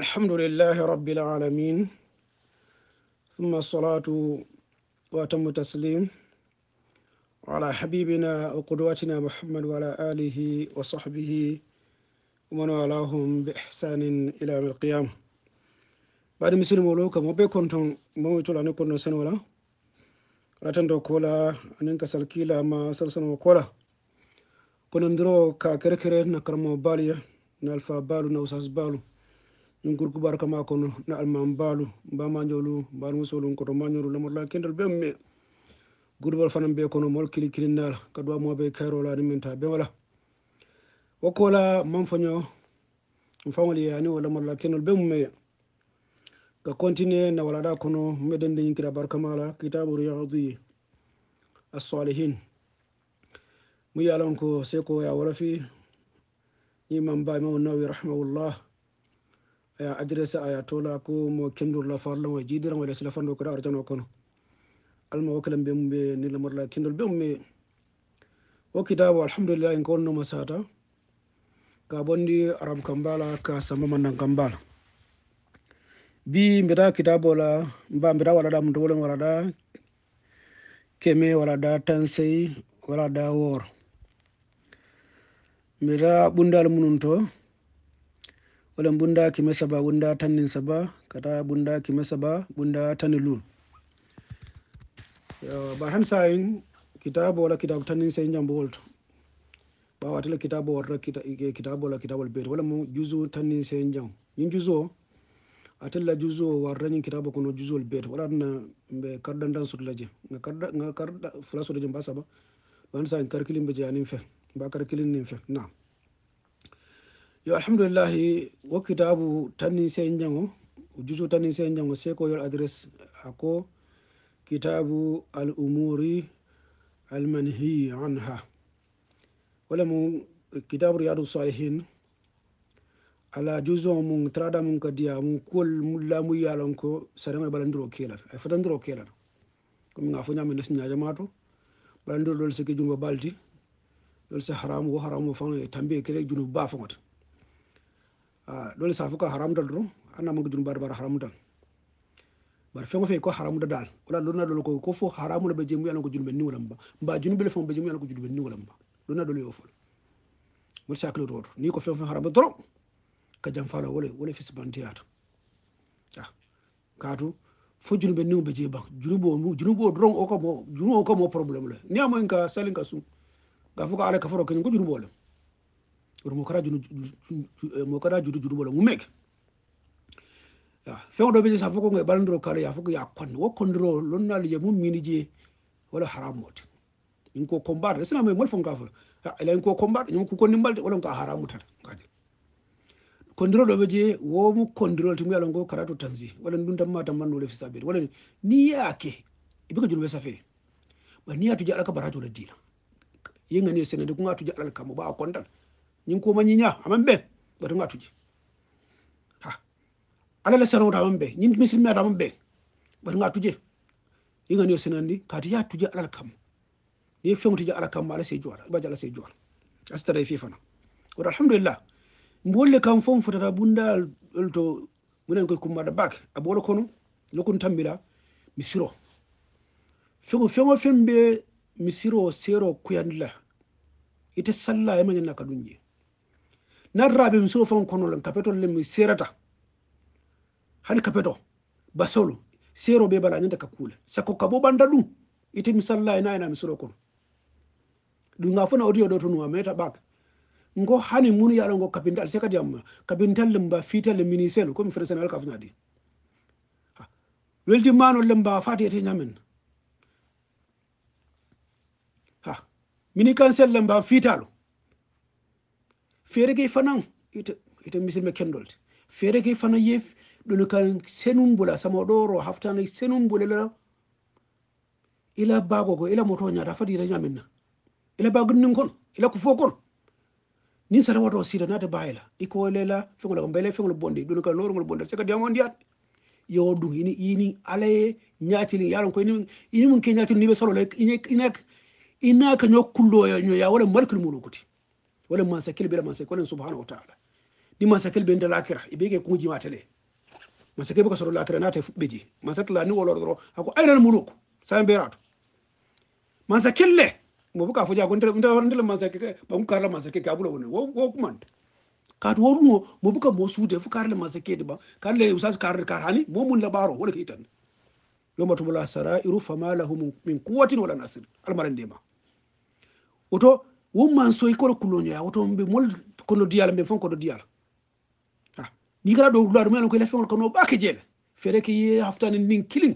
الحمد لله رب العالمين ثم الصلاة وتم التسليم على حبيبنا وقدوتنا محمد وعلى آله وصحبه ومن والاهم بإحسان إلى يوم القيامة بعد مسير مولوك موبي كنتم مويتو لأني كنتم سنولا ratando kola كولا أنك سلكيلا ما سلسن وكولا كنندرو ka kirkire باليا karmo بالو نوساس بالو, balu na ɗum gorko barka ma kono na almam balu ba ba ma alma solo ko to ma musolum la mo la kendal be me gurbal fanam be kono mol kili kili ka do mo be kairo la ni ta be wala mam wokkola ya ni wala mo la kendal be me ka continue na wala walaɗa kono ma la kitabur kitabu as-salihin mu yalon ko se ko ya wala fi imam ba imam nawawi rahimahullah adresse tola ko mo kendurla farlamo e jiidiran walla sila ko koɗa jano kono al mo kala be mbe ni marla kendol be mbe o kitabu alhamdulillah en kono masata ka bondi arab kambala ka sama man kam mbala bi mbiɗa kitabu la mba mbiɗa waɗaɗa mum wala da keme waɗaɗa tansey waɗaɗa wooro mbiɗa bundal munum to walan bunda ki masa ba bunda tannin ba kada bunda ki masa ba bunda tanilul ba han sayin kitabu wala kitabu tannin sayin jambo wolto ɓawa tala kitabo warta kitabu wala kitabu beete wala mo juso tannin sayin jam yin juso o a tella juso yin kitabu kuno kono wala bet wala na mbe kardan dan su je nga karda ga karda fula ba ba sa saba ɗon sayin karkilin je anin fe karkilin nin fe nam yo alhamdulillahi wo kitabu tanni sen jango jusu jango yol adresse ako kitabu al umuri al manhi anha wala mu kitabu riyadu salihin ala juso mun trada mun kadiya mun kol mulla mu yalon ko sarama balandiro kelar ay fatandiro kelar comme nga fo nyame nas nyaaja mato dol jungo balti dol haram wo haram tambe kele junu ba ɗole ah, safu ko haramdal ɗum annamago dun bar bara haramdal bar fengo fe ko haramuda dal wala lonna ɗol ko ko fo haramuda ɓe je mum yalanko junuɓe ni wolamba mba junuɓele fon ɓe je mum yalanko junuɓe ni wolamba lonna ɗol yo fol wol sacle toto ni ko fen fen haramuda dorom ka jam fala wole wole ta a katu fo junuɓe niwo ɓe je ban junuɓo junuɓo dorom o kamo junuɓo o kamo probléme le ni amoyen ka salin ka sum ga fo ko ala kafaro kañum ko junuɓo lem woto mo juru judu judu bolo mum meke feŋo ɗo ɓe sa foko e ɓalandiro kala ya foko ya konde wo kondiro lonnaali je mun mini wala haramote min ko combatde sina fɔ fon ka fo elayin ko combatɗe ñom ko konni mbalde wolon ka haramu tan kaje kondiro ɗo ɓe je womu kondirol timi alon go karatu tanzi wala ɗum tamma tammannole fisaɓede wala ni yaake ibe ko junuɓe safe ba ni yatuje alaka baratola dina yegani e senede ko ala alal kammo ba a ko ñinko mañiña aman ɓe ɓatunga tuji ha alala sanawta aman ɓe ñin misilmeata aman ɓe ɓatunga tuje igani yo senandi kati ya tuje alal kam ni fewtije ala kam ala sey jowala ibaji ala sey jowala asitara fi fana woto alhamdulillah mbolle kam fon fotata bundal to minen koye kummaɗa baake abo wala kono lokun tambila mi siro feŋo feŋo misiro sero mi siro seero kuyandila ite salla e mañanna ka ɗum je nan rabe mi sofan konolen kapeton le mi serata hani kapeto basolo sero be bala nyanda kakule sako kabo banda du ite misalla e ina ina mi soro kono nga fona audio do tunu ameta bak ngo hani mun ya ngo kapintal se kadi amma le lemba fita le minisel ko mi fere senal kafna di weldi mano lemba fati ete nyamen ha mini kansel lemba fitalo feere ferege fanan ite misilme kendol ferege fana yef ɗono kan senumbula sama ɗoro haftana senumbule la ila bagogo ila moto ñata fati ita ñamin na ila bago nin kon ila ko fo kon nin sata wato sida nata bayila iko lela fengol ko mbele fengol bonde ɗono kan norogol bonde seka diamon ndiyat yo ɗum ini ini alaye ñatili yaron ko ini mun ke ñatili ni ɓe salola ina ka ño kulloyo ño ya wala malkul muɗo kuti wala man sakil bela man sakil subhanahu wa ta'ala ni man sakil ben dal akira ibe ke kunji matale man sakil baka soro la akira na ta beji man sakil ni wala doro ako ainal muluk san beratu man sakil le mo buka fuja ko ndel ndel man sakil ba mun karla man sakil ka bula woni wo kuma ka to woru mo buka mo su de fu karla man sakil ba karla usas kar kar hani mo mun labaro wala kitan yoma tumula sarairu fama lahum min quwwatin wala nasir almaran dema woto womman soyi koɗo kulloñoya woto ɓe mol kono diyala mben fon koɗo diyala ha ni gara ɗo laaɗu mumen ko lefeol kono ɓake jele fere ke ye haftani ndin kilin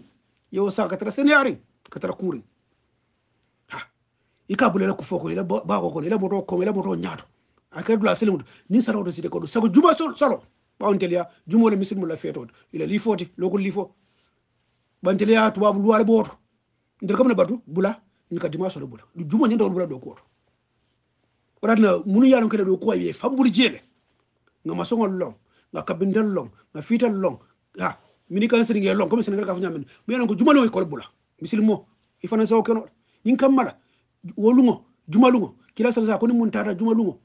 ka sa katara ka katara kuurin ha ika bula ila ko fo kono ila bako kono ila boto komo ila boto a akere dula silimudo nin sarowto side koɗo sago juma salo ɓawnteliya jumole misilmulla feetode ila li foti lokol li fo ɓanteliya tubabu luwale ɓooto nder kam ne batu bula ni kadima solo bula ɗu juma ñandawol bula ɗo ko oto oratna munu yalon kede do kuwa wiye fambur jeele ga masoŋol long ga kabindel long ga fiital long ha mini kan seringe long comme sénégal ka fo ñamen mi yalon ko jumalo e kol bula misilmo i fana sawo keno kam mala woluŋo jumaluŋo kila salsa koni mun tata jumaluŋo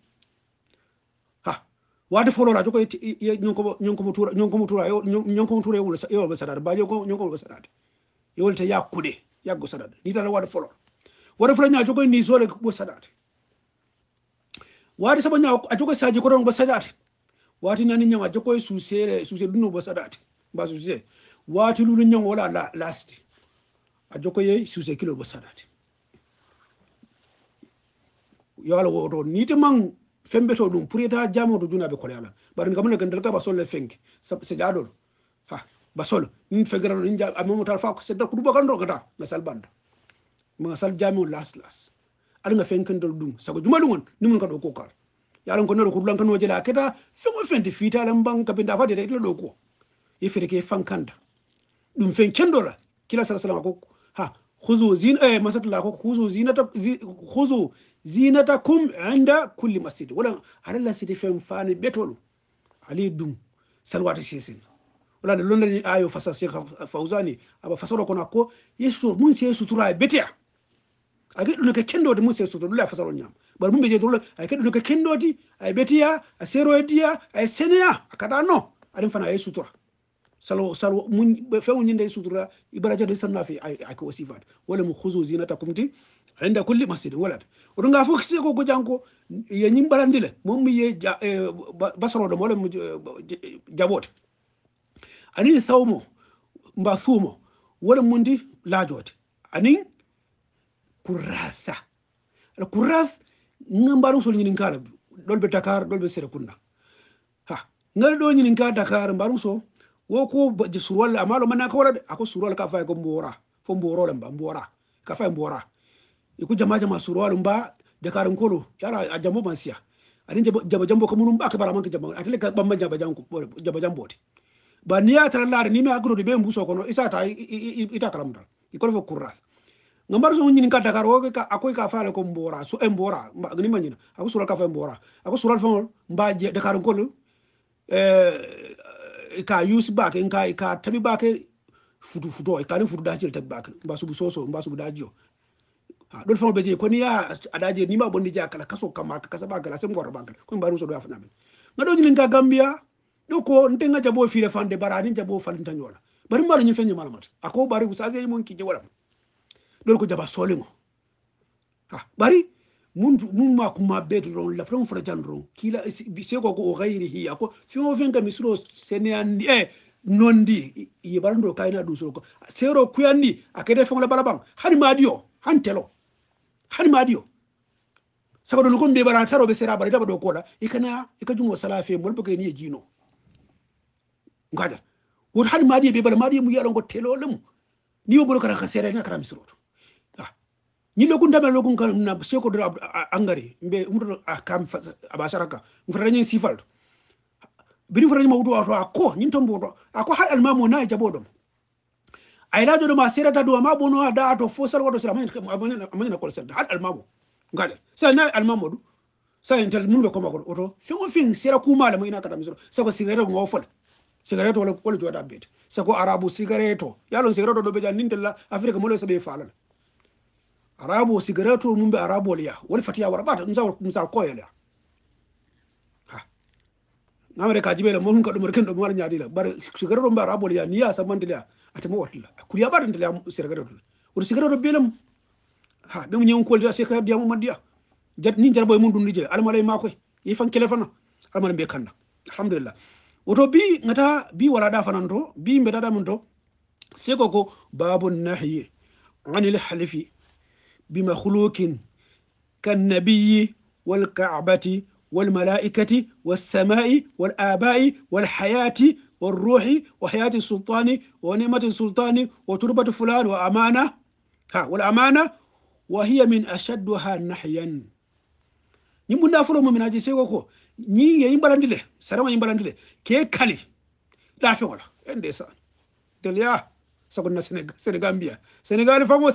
ha wade folola joko ñonkomo tura ñonkomo tura ñonkomo tura yewolɓe sadade bajo ñonkomoɓe sadade yewolte ya kuɗe yaggo sadade ni tata wade folol wade fula ña jogoye ni sole nya a ajoka saji koron basadat wati nani nyama ajoka susere susere duno basadat ba susere wati lulun nya wala la, last ajoka ye susere kilo basadat yala wodo nite mang fembe to dum pureta jamo do juna be ko yala bar ngam na gandal ka ba sol le fenk se jadol ha ba sol nin fegra nin ja amamo tal fa ko se da kudu ba gando gata na sal banda ma sal jamo las las aɗaga fenkentol dum sago jumalu ni mun ka do ko kar ran ko noro ko kan la keta feŋo fenti lan ban ka fa de de do ko i fereke fankanta dum fen dola kila sala sallam ko ha khuzu zin eh la ko khuzu zinata huzu zinatakum inda kulli masjid wala la sidi fen fani betol ali dum salwati sesen wala de londani ayo fasa sheikh fawzani aba fasoro kono ko yesu mun se sutura betia ake ɗum ke kendode mum se sutode ɗula fasarol ñam bar mum ɓe jeyi tolo ayke ɗum ke kendodi ay ɓetiya a diya ay seneya a e kaɗa no aɗen fana aye sutura salo salo mun fewñinde sutura ibara jade sanna fe ake aussi fade wala mo husu zinata cumti inda kulli masjidin walad oɗo ga fof se ko gojanko ye ñim ɓarandile mom mi ye e, basaroɗomo wala mo jaɓote anin sawmo mba suumo wala mundi laajode ani. kurasa ala kurath ngamba ɗum sol ñinin kala ɗolɓe dakar ɗolɓe sere kunna ha ngal do ñinin ka dakar mbaɗum so wo ko surwalla amma lo manna ka wala de ako surwalla ka fay ko mbora fo mboro le mbora ka fay mbora iku jama jama surwalla mba dakar nkolo yala a jambo man siya jabo jaba jambo ko muɗum ɓake ke jaba atle ka ɓamma jaba ba niya tara lar ni mi hakkitode be mbuso kono isata ita kalamutal ikolo fo ngambar so nyini kata karo ka akoy ka fa ko mbora so e eh, embora ngani manyina ako sura ka fa mbora ako sura fa mba je de karo kolu eh, eh ka use ba ke ka ka tabi ba ke futu futo e kare futu da jil tabi ba ke mba su so so mba su da jio ha do fa beje ko ni ya ada je ni ma bonni ja kala kaso kama ka sa ba kala se ngor ba kala ko mbaru so do afa namen ngado nyini ka gambia do ko ntenga jabo file fande barani jabo falintanyola bari mbara nyi fenyi malamat ako bari kusaze yi mon ki je wala ɗon ko jaba soolego ha ɓari mun ma kumma beeto ron lafta on fota jan ron kila seko ko o eh, ka gayrihi ko fɛn o fɛn fen kam mi ɛ seneyandi e dɔ k'a ye n'a suro ko seero kuyandi a kede feŋola hali baŋ hani maadi hali han telo hani maadi o sabu ɗon ko mbebara taroɓe sera bara daɓa ɗo koɗa ikana ika jungo sala fe mol bokeni e jiino gadal woto hani maadi e ɓe bala maadi e mum yiyaɗon ko telole mum ni o mboɗo kara ka seera ina kara mi suroto ñimme ku ndame loku kan na seko do angari mbe umto a kam abasharaka mfrara nyen sifal bini frara ma wudu wato akko nyin tombo do akko hal almamu na jabo dum ay la do ma sira da do ma bono da to fo sar wodo sira man man na ko sar hal almamu ngale sa na almamu do sa intel mun be ko mako oto fengo fi sira ku kuma la mayina kata misro sa ko sigare ngofol sigare to wala ko joda bet sa ko arabu sigare to lo sigare do be jan nindella afrika mo lo sabe falala arabo sigareto mum ɓe arabol ya woni fatiya wara ɓata ɗum sa ɗum sa koyel ya ha na mere kajibe le mun ka ɗumre ken ɗo mala bar bare sigareto mbe arabo ya ni ya sammantele ya atema wattila kuriya ɓaɗa ntele ya sigareto woto sigareto belem ha be mun yewon kolja sheikh diya mo maddiya jat ni jarboye mun dun nije almala e makoy yi fan kelefana fana almala mbe kanda alhamdulillah woto bi ngata bi wala da fananto bi mbeɗaɗamin to seko ko babu nahyi anil halifi بمخلوق كالنبي والكعبة والملائكة والسماء wal والحياة والروح وحياة السلطان ونعمة السلطان وتربة فلان وأمانة ها والأمانة وهي من أشدها نحيا ni munda fulo mu minaji sai ko ni yayin barandile sarama yin barandile ke kali dafe wala ende sa delia sakon na senegal senegal fango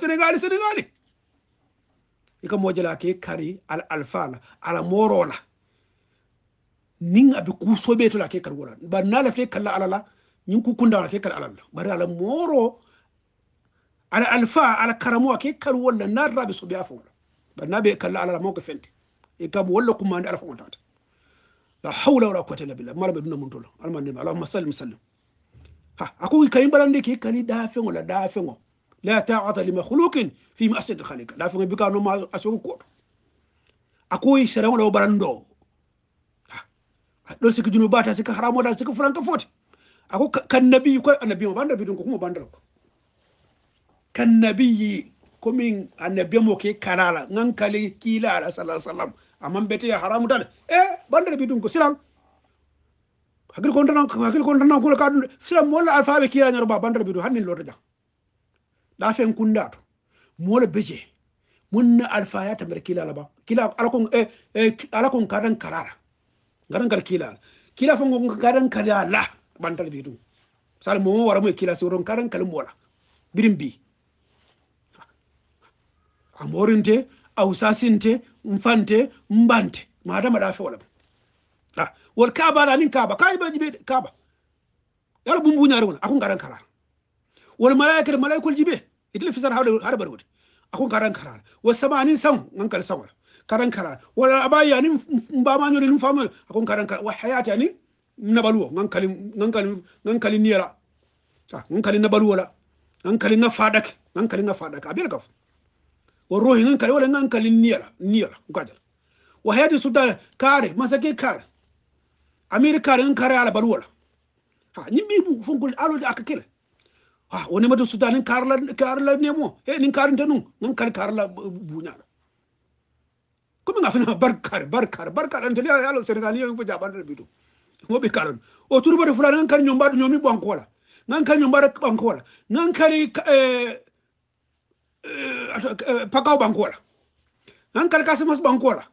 i ka mojala ke kari al alfala ala morola nin abi be to la ke kar wala ba na la fe kala ala la nin ku kunda la ke kala ala la bari ala moro ala alfa ala karamo ke kar wala na rabi so biya fola ba na be kala ala la mo ko fenti e kam wala kuma ande ala fonta la hawla wala quwwata illa billah mara be dunna mun to la alma ne allahumma sallim sallim ha akoi karim balande ke kali da fe wala da fe wala la taata li makhluqin fi masjid khaliq la fo bika no ma aso ko akoy sere wala barando do sik junu bata sik haramo da sik franka foti ako kan nabi ko annabi mo bandar ko kuma ko kan ko min annabi mo ke kalala ngan kali kila ala sallallahu alaihi wasallam amman bete ya haramu dal eh bandar bidun ko silam hakil ko ndana hakil ko ndana ko kadun silam lafen kunda to mole beje munna alfaya ya tamar kila laba kila alakon eh, eh alakon kadan karara garan gar kila kila fango kadan karala bantal bidu sal mo wara mo kila soron kadan kalum wala birin bi amorinte ausasinte mfante mbante madama dafe wala ah wal kaba da nin kaba kai ba jibe kaba yar bumbu nyaare wala akun garan karara wal malaikatu malaikul jibe idil fisar har barud akun karan karar wa samanin san ngankal sawar karan karar wa abaya ni ba ma nyori famu akun karan karar wa hayata ni nabaluwo ngankal ngankal ngankal niyara ah la ngankal nga fadak ngankal nga fadak gaf wa ruhi ngankal wala ngankal niyara niyara wa hayati sudda kare masake kare amir ngankare ala baluwo la ha nyimbi funkul alu akakile ha ah, woni madu suda nin karla karla nemo e nin karin tanu nin kar karla bunya kuma ngafina barkar barkar barkar an tele yalo senegali yo fuja bandar bidu mo be karon o turu turba de fulani kan nyomba du nyomi bankola nan kan nyomba bankola nan kali eh, eh, eh pakaw bankola nan kali kasimas bankola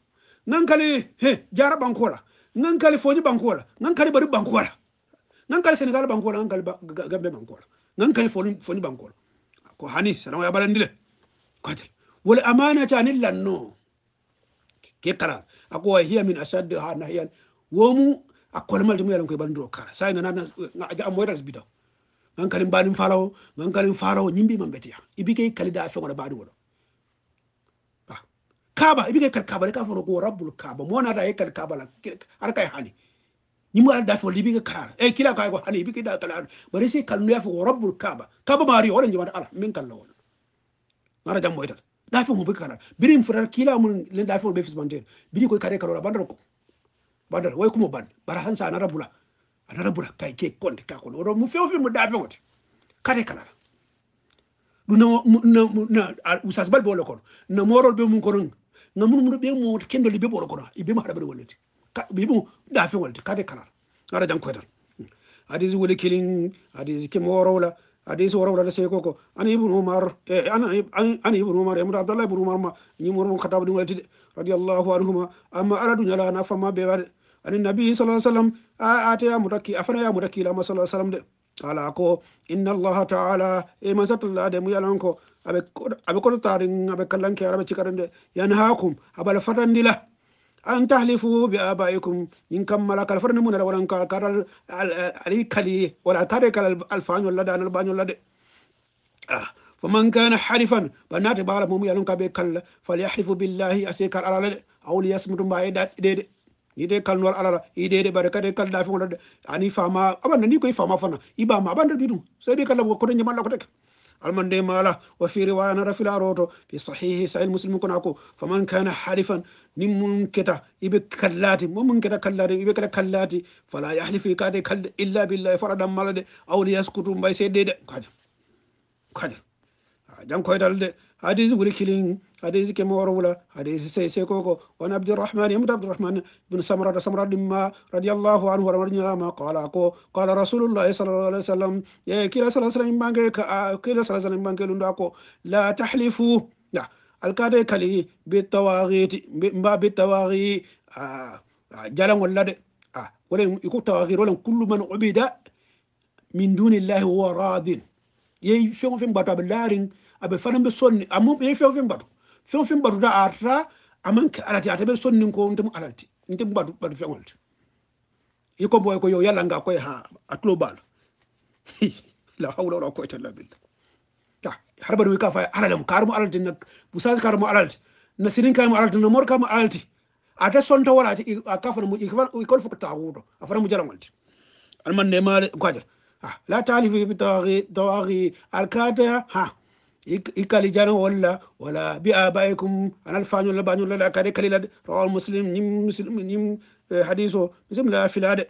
nan kali he jara bankola nan kali foni bankola nan kali bari bankola nan kali senegal bankola nan kali gambe bankola nan kai foni foni bankol ko hani sana ya barandile katel wal amanata anil lanno ke kala ako hiya min ashad ha wo mu akol mal dum yalan ko bandiro kala sai na na ga amoy ras bitaw ngan kalim balim falawo ngan kalim falawo nyimbi man betiya ibike kalida fe ngona badu wala ah. ibi ibike kal kaba ka foro ko rabbul mo na da kal kaaba la har kai hani nyimwana dafo libiga kara e kila kay go hani da kala bari sai kalnu ya fo rabbul kaaba kaaba mari wala jibada ala min kallo wala ngara jam moytal dafo mu biga kala birim furar kila mun le dafo be fis bande biri ko kare karo bandar ko bandar way kuma ban bara hansa na rabbula ana rabbula kay ke konde ka ko woro mu fewfi mu dafo wote kare kala ɗuna usas bal ɓe wolle kono no morol ɓe mum kono ngamun mun ɓe mo kendo ibe ma bibu fi walti kade kalar ara jan koydan adi zu wuli kilin adi zike morola adi su da sai koko ana ibn umar ana eh, ana ibn umar yamur eh, abdullah ibn umar ma ni mur mun khatab din walti radiyallahu anhuma amma ala dunya la nafa ma be war ani nabi sallallahu alaihi wasallam ata ya mudaki afana ya mudaki la sallallahu alaihi wasallam de ala ko inna allah ta'ala e ma satalla de mu yalan ko abe abe ko tarin abe kallan ke arabe cikarin de yanhaakum abal fatandila أن تحلفوا بآبائكم إن ملك الفرن من ولا كال علي كلي ولا كاري الفان ولا دان البان ولا دي آه. فمن كان حرفا بنات بار مومي يلون كابي فليحلف بالله أسيكال على أو ليسمت ما يدات ide kal nor alara ide de bare kade kal dafi ngol ani fama abanda ni koy fama fana iba ma abanda bidu sai kala ko ko nyama lokko almande mala wa fi riwaya nata filaroto fi sahihi sahih muslim kono ako faman kana halifan ni mun keta ibe kallati mo mun keta kallati ibe keta kallati fala yahlifu kade kalde illa billahi faradan malade aw yaskutu mbay sedde de kaja kaja jan koytal de hadis wuri kilin هذا زي كم ولا هذا زي سي سي كوكو وانا عبد الرحمن يمد عبد الرحمن بن سمرة سمرة دمى رضي الله عنه ورمجنا ما قال أكو قال رسول الله صلى الله عليه وسلم يا إيه، كلا صلى الله عليه وسلم آه، كلا صلى الله عليه وسلم لا تحلفوا لا الكاري كلي بالتواغيت ب بالتواغي جلهم ولا ده آه, آه، ولا آه، يكون تواغير ولا كل من عبد من دون الله هو راضٍ يي فيهم فين باتو بلارين أبي فنم بسون أمم يي فيهم فين باتو fen fen da a atata amanke alati ateɓe sonnin ko ntemu alati ntemu batu batu feŋolte i ko bɔn ko yo nga koye ha a tulo baala la hawla wala quwata illa billah ta har bari ka fay alalem karmo alati na busas karmo alati na sirin karmo alati na mor karmo alalti ata sonto wala ti k'a kafan mu fɔ fuk ta wudo a fara mu jarangalti alman ne male kwaje la talifu bi tawaghi tawaghi alkata ha ikali jano walla wala bi abaikum anal fañol la bañol la kare kalilade rawal muslim ñim muslim ñim hadis o bisimila filade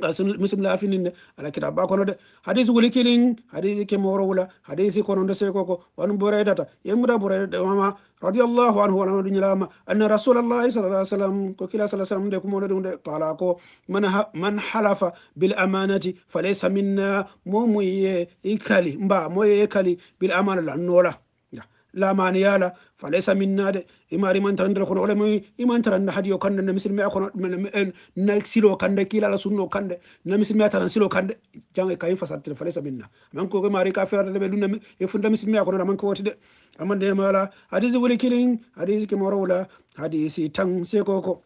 muslim ne ala ba kono de hadisi wuli kilin hadise ke moro wula hadise kono ya seko ko won boreydata yemmuda boreyde mama radiyallahu anhu wonama duñilama anna na sal lah sallam ko kila salasalam sallam kuma kumoɗo ɗum de qala ko man halafa bil amanati falaysa minna momuye i kali mba moye ye kali bil amana lannola la falesa falaysa minnade imari mantarandira iman tan na hadiyo kande na misilme akono na silo kande kilala sunno kande na misilme tan silo kande jange kayin fasattire falaysa minna man ko mari ka feerde ɓe na e funda misilme akono man ko woti de amma nde mala hadisi woli kilin hadisi kimo rowla hadisi tan sekoko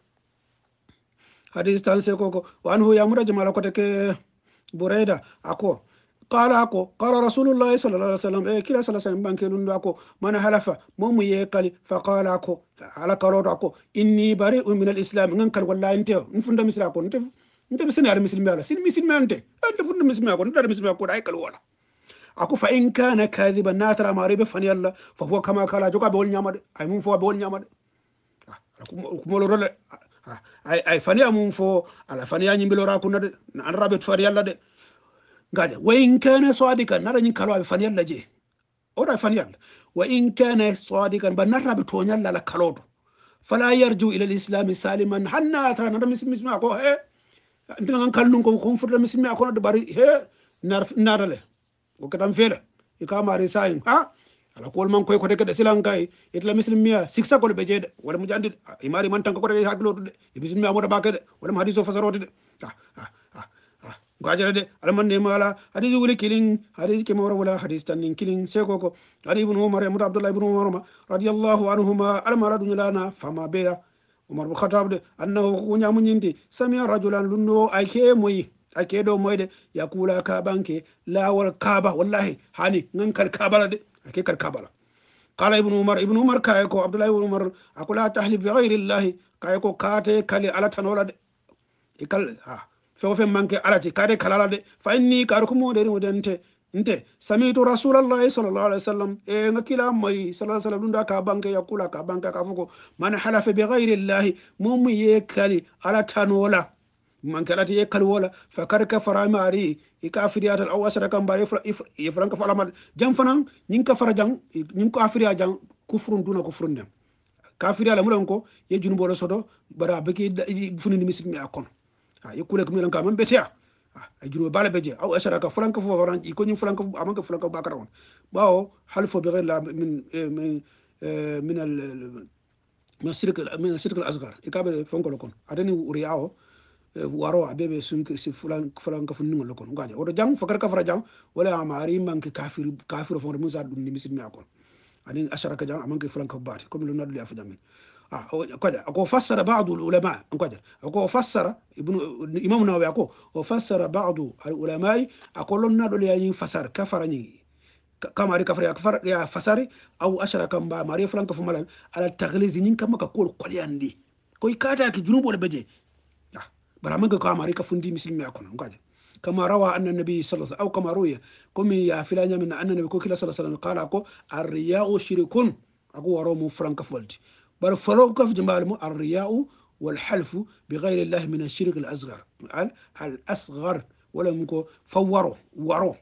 hadisi tan sekoko wa wan hu yamudaji mala kote ke bureda ako qala ko qala rasulullahi sallallahu alaihi wasallam e kila sallallahu alaihi banke lundu ako mana halafa momu ye kali fa qala ko ala karodo ako inni bari'un min al-islam ngan kal wallahi nte nfunda misra ko nte nte bisina ar muslimi ala sin muslimi ante ante funda muslimi ko nte muslimi ko dai kal wala ako fa in kana kadhiban natara maribe fani alla fa huwa kama kala joga be wol nyamade ay mum fo be wol nyamade kumolo role ay fani amum fo ala fani an gaje wa in kana sadikan nara nyin kalwa be fanyal laje ora fanyal wa in kana sadikan ban nara be tonyal la kalodo fala yarju ila alislam saliman hanna tara nara mismi ko he ndina ngan kallun ko kon furda mismi ko do bari he nar narale ko katam fele ikama risayin ha ala ko man koy ko de silan kay itla muslim miya siksa ko be jede wala mu jandi imari man tan ko de hakilo de muslim miya mo da bakade wala mu hadiso fasaroti de ha ah, ah. ha alman de mala hadis wuli kilin hadis ke mawar wala hadis tanin kilin sai koko ali ibn umar ya mutu abdullah ibn umar ma radiyallahu anhuma almara lana fama beya umar khatab de annahu kunya munyindi sami'a rajulan lunno ake moyi ake do moyde yakula ka banke lawal kaba wallahi hani ngan kar kabala de ake kar kabala قال ابن عمر ابن عمر كايكو عبد الله بن عمر اقول لا تحلف بغير الله كايكو كاتي كالي على تنولد ikal ha fe o fe manke alati kade kalala de fa inni kar ko mo de nte nte samitu rasulallahi sallallahu alaihi wasallam e nga kila mai sallallahu alaihi wasallam ka banke ya kula ka banka ka fuko man halafa bi ghairi llahi mum ye kali ala tanola man ti ye kali wala fa kar ka fara mari i ka afiriya tal aw asara kan bare ye franka ma mal jam fanan nyin ka fara nin nyin ko afiriya jang kufrun duna kufrun dem kafiriya la mulan ko ye junubolo soto bara be ki funini misimi akon i ah, kule kum yelan ka man beteya ah, a junuba bala beje aw asharaka fulanka fo waran i koñi fulanka amanka fulanka bakara on ɓawo hal fo bexer la min eh, min eh, min al min cirque min cirque asgar i e kaɓe fonkolo kon adani riya eh, o waro a ɓeɓe sunkrisi fulan fulanka fo ningol kon gaje oto jang fakar kafara jang wala ama ari manque kafir kafir o fonre mun sa ɗum ni misidmi a kon ani asharaka jang amanke fulanka fo baate comme lo naɗuli a fo آه، وفسر بعض العلماء وفسر ابن الإمام النووي وفسر بعض العلماء أقول لنا دول فسر كفرني كما ري كفر يا كفر يا فسر او اشرك ما ماري فرانك فمال على التغليز taglizi كما كقول ka kol كوي كاتا كي جنوب ولا بجي beje bara manga ka mari مسلم fundi muslimi akon كما روى أن النبي صلى الله عليه وسلم أو كما روي كم يا فلان من أن النبي صلى الله عليه وسلم قال أكو الرياء شرك أكو مو فرانك فولتي بل فلو كف جمال الرياء والحلف بغير الله من الشرك الأصغر الأصغر ولا منكو فورو ورو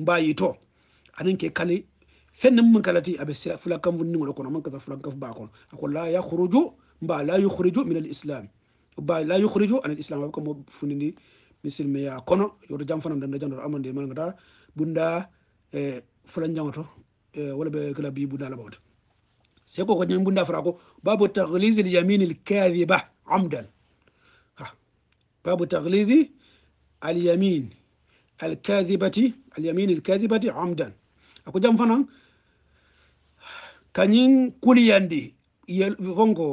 مبايتو أنك كالي فن من كالتي أبي فلا كم فنن ولا كنا من كذا فلا كف باكون أقول لا يخرج با لا يخرج من الإسلام با لا يخرج عن الإسلام وكم فنني مثل ما يكون يرجع فنان دم دجان رأمان دي من غدا بندا فلان جانتو ولا بكلا بيبو دالبوت sai ko ñam bunda fara ko babu taghliz al yamin al kadhiba amdan ha babu taghliz al yamin al kadhibati al yamin al kadhibati amdan ako jam fanan kañin kuliyandi fonko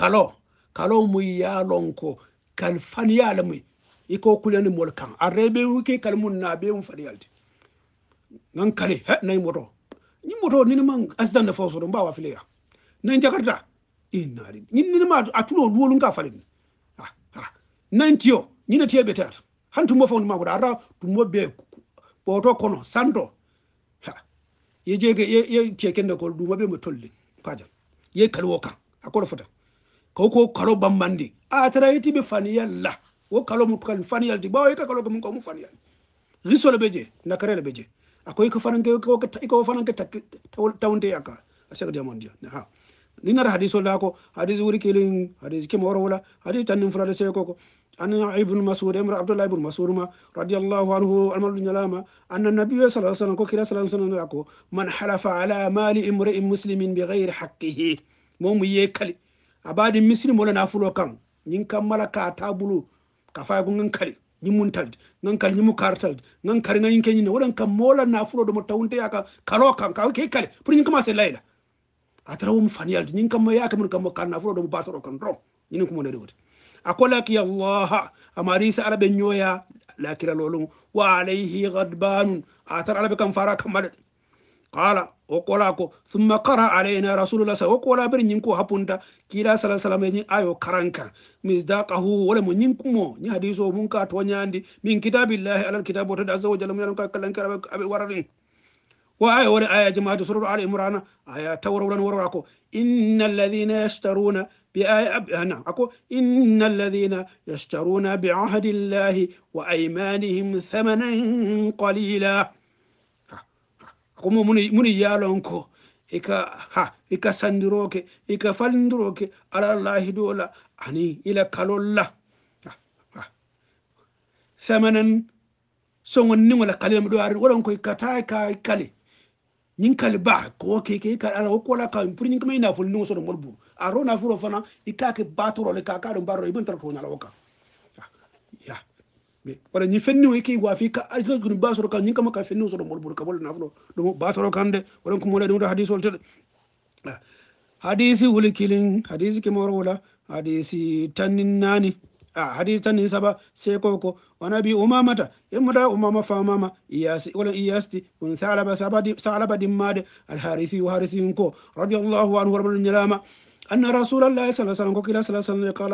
kalo kalo mu yalonko kal faniyala muy iko kuliyandi mol kan arrebe wuke kal mun na be mun faniyalti nan kale he nay moto n'i moto nini man accident de force ɗum wa filiya nan jakarta ni ñinninima a tulo luwolu ka falin ah, ah. tiyo o na tiyeɓe teata han tumbo ma gura ara tumbo be boto kono santo ye jeege ye tiye kende ko ɗuma be mo tolli kajal ye kalwo kan akoɗo fota ko ko kalo bambandi a tara fani yalla wo kalo mo kal bawo ɓawa ka kalo ko mun ko mo fani yalla risolo beje nakarele ɓe beje akoy ko faranke ko ko fananke ya aka a sek dia mondia ha ni nara hadiso la ko hadis wuri kilin hadis ke moro wala hadis tan fulade sai ko ko an ibn mas'ud imra abdullah ibn mas'ud ma radiyallahu anhu almalu nyalama anna nabiy sallallahu alaihi wasallam ko kira sallallahu alaihi wasallam ko man halafa ala mali imri'in muslimin bighayri haqqihi momu ye kali abadi muslim wala na fulo kan nyin kan ka tabulu kafa gungan kali ni tawid ngan kal ni kar tawid ngan kar ngan yinke ñinne wadan kam mola nafulo ɗomo tawunte yaka kalo kan ka ke kale ni ñin sai layla atara wum womo ni kam kamma yaka mun kan na furo do batoro kan ro ni ni ñinin ne nde akola ki allah amari sa arabe nyoya lakira lolum wa alayhi ghadban atara arabe kam fara kam madad qala o kola ko thumma qara alayna rasulullah sa o kola bir nyin ko hapunta kila sallallahu alaihi wasallam ayo karanka misdaqahu wala mo nyin kumo ni hadiso mun ka to nyandi min kitabillahi alal kitabu ta azza wa jalla mun ka kallan karabe wararin wa aya wani aya jama'atu surur ali imran aya tawrawran warwako innal ladhina yashtaruna bi ayana ah, ako innal ladhina yashtaruna bi ahdi llahi wa aymanihim thamanan qalila komo muni yalonko ika ha ika sandiroke ika falindiroke alallahi dola ani ila kalolla thamanan songon ni wala kalem do ar wala ko ikata ka kale nyin kale ba ko ke ke ka ara ko la ka pour nin kuma ina ful ni so do morbu aro na furo fana ikake batoro le ka ka do baro ibn tarko na la waka wala ñi fenni o ki wa fi ka ajla gun basoro kan ñi kama ka fenni so do mol bur kabol naflo do basoro kan de wala ko mo le dum hadith ol tede hadisi wuli kilin hadisi ke mawar wula hadisi tannin nani a ah, hadisi tannin saba sai koko wana bi umamata in mata umama fa mama iyasi wala iyasti kun salaba sabadi salaba dimmade al harisi wa harisin ko radiyallahu anhu wa nyalama أن رسول الله صلى الله عليه وسلم وكلا صلى الله عليه وسلم قال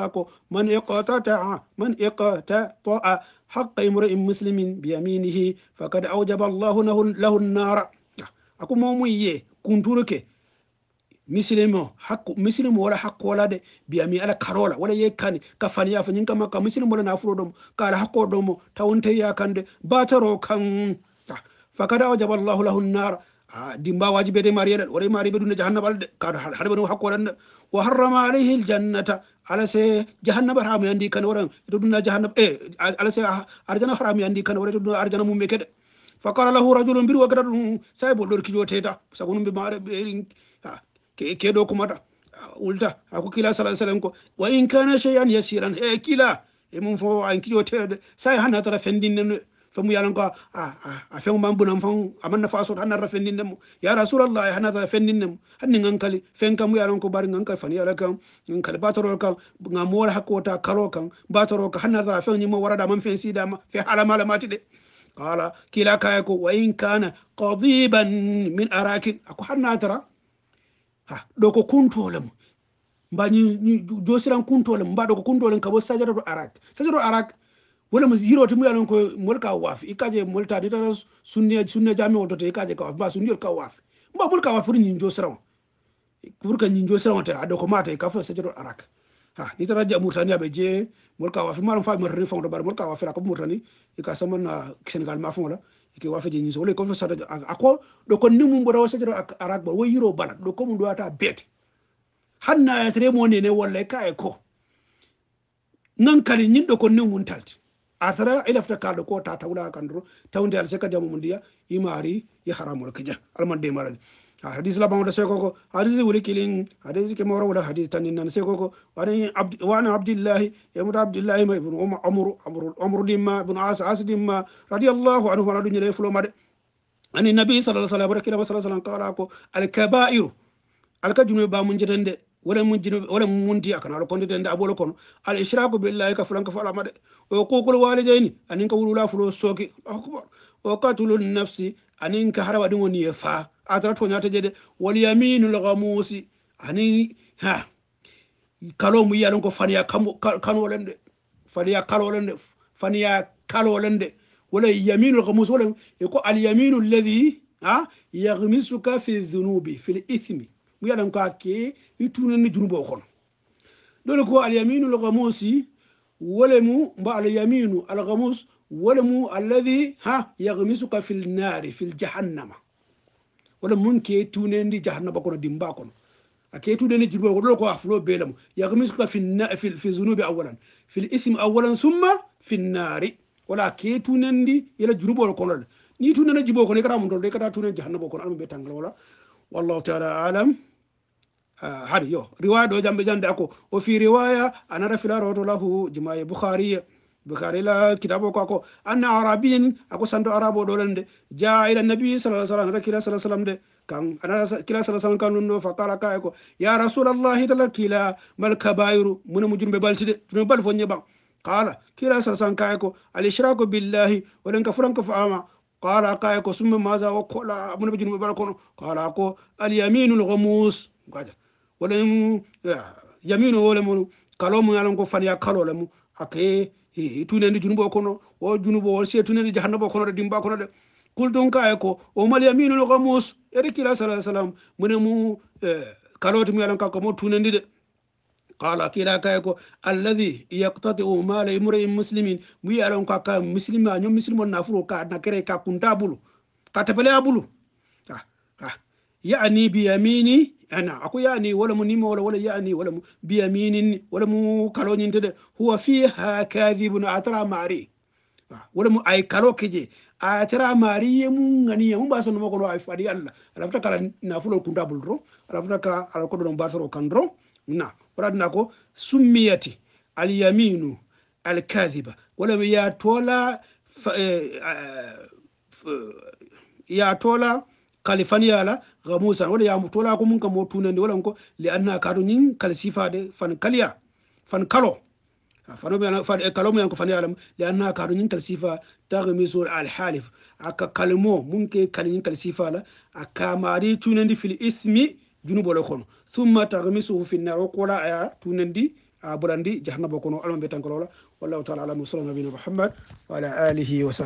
من اقتطع من اقتطع حق امرئ مسلم بيمينه فقد أوجب الله له النار أكو مومي كنتورك misilimo hakko misilimo wala hakko wala de biyami ala karola wala yekkani ka faniya fo ñinka makka misilimo wala nafuro ɗomo ka ala hakko ɗomo tawonteyya kande bataro kan fakada o jaba llahu lahu nnara Ah, dimba wajibe te mari eɗen oɗe mari ɓe ɗum ne jahannaba alde haɗa ɓe ɗum hakko waɗanɗa wa harrama alayhi l jannata ala se jahannaba harami andi kane waɗa e to ɗumna jahannaba e ala se arjana harami andi kane waɗa e to ɗum arjana mum ɓe keɗe fa qala lahu rajulun mbir waggata ɗum sawi boɗɗor kijo teta saabu ɗum ɓe maɗa ɓe keɗo kumata ulta ako kila sa sallam ko wa in kana chey an yasiran e kila e mum fo an kijo teɗe sawi hanna tara fendinne famu yalan ko a a a fen man bunan fan amman na faso hanna rafennin nem ya rasulullahi hanna da fennin nem hanni ngankali fen kam yalan ko bari ngankali fani yalan kan ngankali batoro kan nga mora hakota karo kan batoro kan hanna da fen ni mo warada man fen sida ma fe hala mala mati de qala kila kaya ko wa in kana qadiban min arakin ko hanna tara ha do ko kuntolam mbani josiran kuntolam mbado ko kuntolam kabo sajaru arak sajaru arak wala mo yiro to muyalon ko mol ka waf ikaje molta de tan sunne sunne jami wonto te ikaje ka waf ba sunni ka waf ba mol ka waf ni njo sraw pour ka ni njo sraw te ado ko mata ka fa sajado arak ha ni tara ja be je mol ka waf maram fa mo re fon do bar mol ka waf la ko ka sama na senegal ma fon la k'i wafe je ni so le ko fa ako do ko ni mum bodo sajado arak ba wo yiro bala do ko mum do ata bet hanna ya mo ne ne e ka e ko nan kali nyindo ko ni mun talti asara fita kaldo ko tata wula ta tawnde al ka jamu mundiya imari ya da kija alman de a hadisi la wadda sai koko hadisi wuri kilin hadisi ke mawara wadda hadisi ta nan seko ko wani abdullahi ya muta abdullahi mai ibn umar amru dimma ibn as as dimma radiyallahu anhu wala dunya fulo made ani nabi sallallahu alaihi wasallam barakilla sallallahu alaihi wasallam kala ko al kaba'ir al kajunu ba mun jitande wala mun jino wala mun ti akana ro kondi tende abolo kono al ishraku billahi ka fulan ka fala made o ko walidaini anin ka wulula fulo soki akbar o qatulun nafsi anin ka haraba dun woni fa atara to nyata jede wal yaminul ghamusi anin ha kalo mu yalon ko faniya kanolen de faniya kalolen de faniya kalolen de wala yaminul ghamus wala ko al yaminu alladhi ha yaghmisuka fi dhunubi fil ithmi mu yalan ko ake itunan ni junubo kon dole ko al yaminu al ghamusi wala mu ba al yaminu al ghamus wala mu alladhi ha yaghmisuka fil nar fil jahannama wala mun ke tunen di jahannama ko di mba kon ake tunen ni junubo dole ko aflo belam yaghmisuka fil na fil fi zunubi awwalan fil ithm awwalan thumma fil nar wala ke tunen di yala junubo kon ni tunen ni junubo kon ikara e mun do ikara e tunen jahannama kon am be tangala wala والله تعالى أعلم هاري آه يو رواية دو جنب جنب أكو وفي رواية أنا رفلا رواية له جماعة بخاري بخاري لا كتابه كو أكو أنا عربي أكو سندو عربو دولن دي جاء إلى النبي صلى الله عليه وسلم ركي صلى الله عليه وسلم دي كان أنا كلا صلى الله عليه وسلم كان نندو فقال كايكو يا رسول الله تلا كلا مال كبايرو من مجن ببالت دي من بالفون يبان قال كلا صلى الله عليه كايكو الإشراك بالله ولن كفران كفاما qala ka ko summa maza wa kola abuna bijin mubarak kono qala ko al yaminu al ghamus gaja wala yaminu wala mun kalo mun yalan ko fanya kalo lamu ake di junubo kono o junubo o se tunandi jahannabo kono de dimba kono de kul don kaya ko o mal yaminul ghamus ere kila sallallahu alaihi wasallam mune mu eh, kaloti mu yalan ka ko mo di de qala kila kay ko alladhi yaqtadi'u mala imrin muslimin mu yaron ka ka muslima nyo muslimon na furo ka na kere ka kunta bulu ka tabale abulu ah ah ya'ni bi yamini ana aku yani wala mu nima wala wala yani wala mu bi yaminin wala mu kalonin tade huwa fiha kadhibun atara mari wala mu ay kalo keje atara mari ye mu ngani ye mu ba sonu mako ay fadi alla ala futa kala na fulo kunda bulro ala futa ka ala ko don ba soro na waɗatna ko summiyati alyaminu alkathiba ya mi yatola eh, eh, yatola kalifanyala gamusan walla tola ko ko li anna fan kaliya fan kalo eh, kalomo yanko fani alam li anna kato ñin kal tagmisu alhalif aka kalmo mum ke kali ñin sifa la a kamari fil ismi junubole kono summa tahmisuhu finnar o kowoɗa aya tunandi a bulandi jahannabo kono alma be lola wallahu taala alam wa sallam nabina mouhammad wa ala alihi wa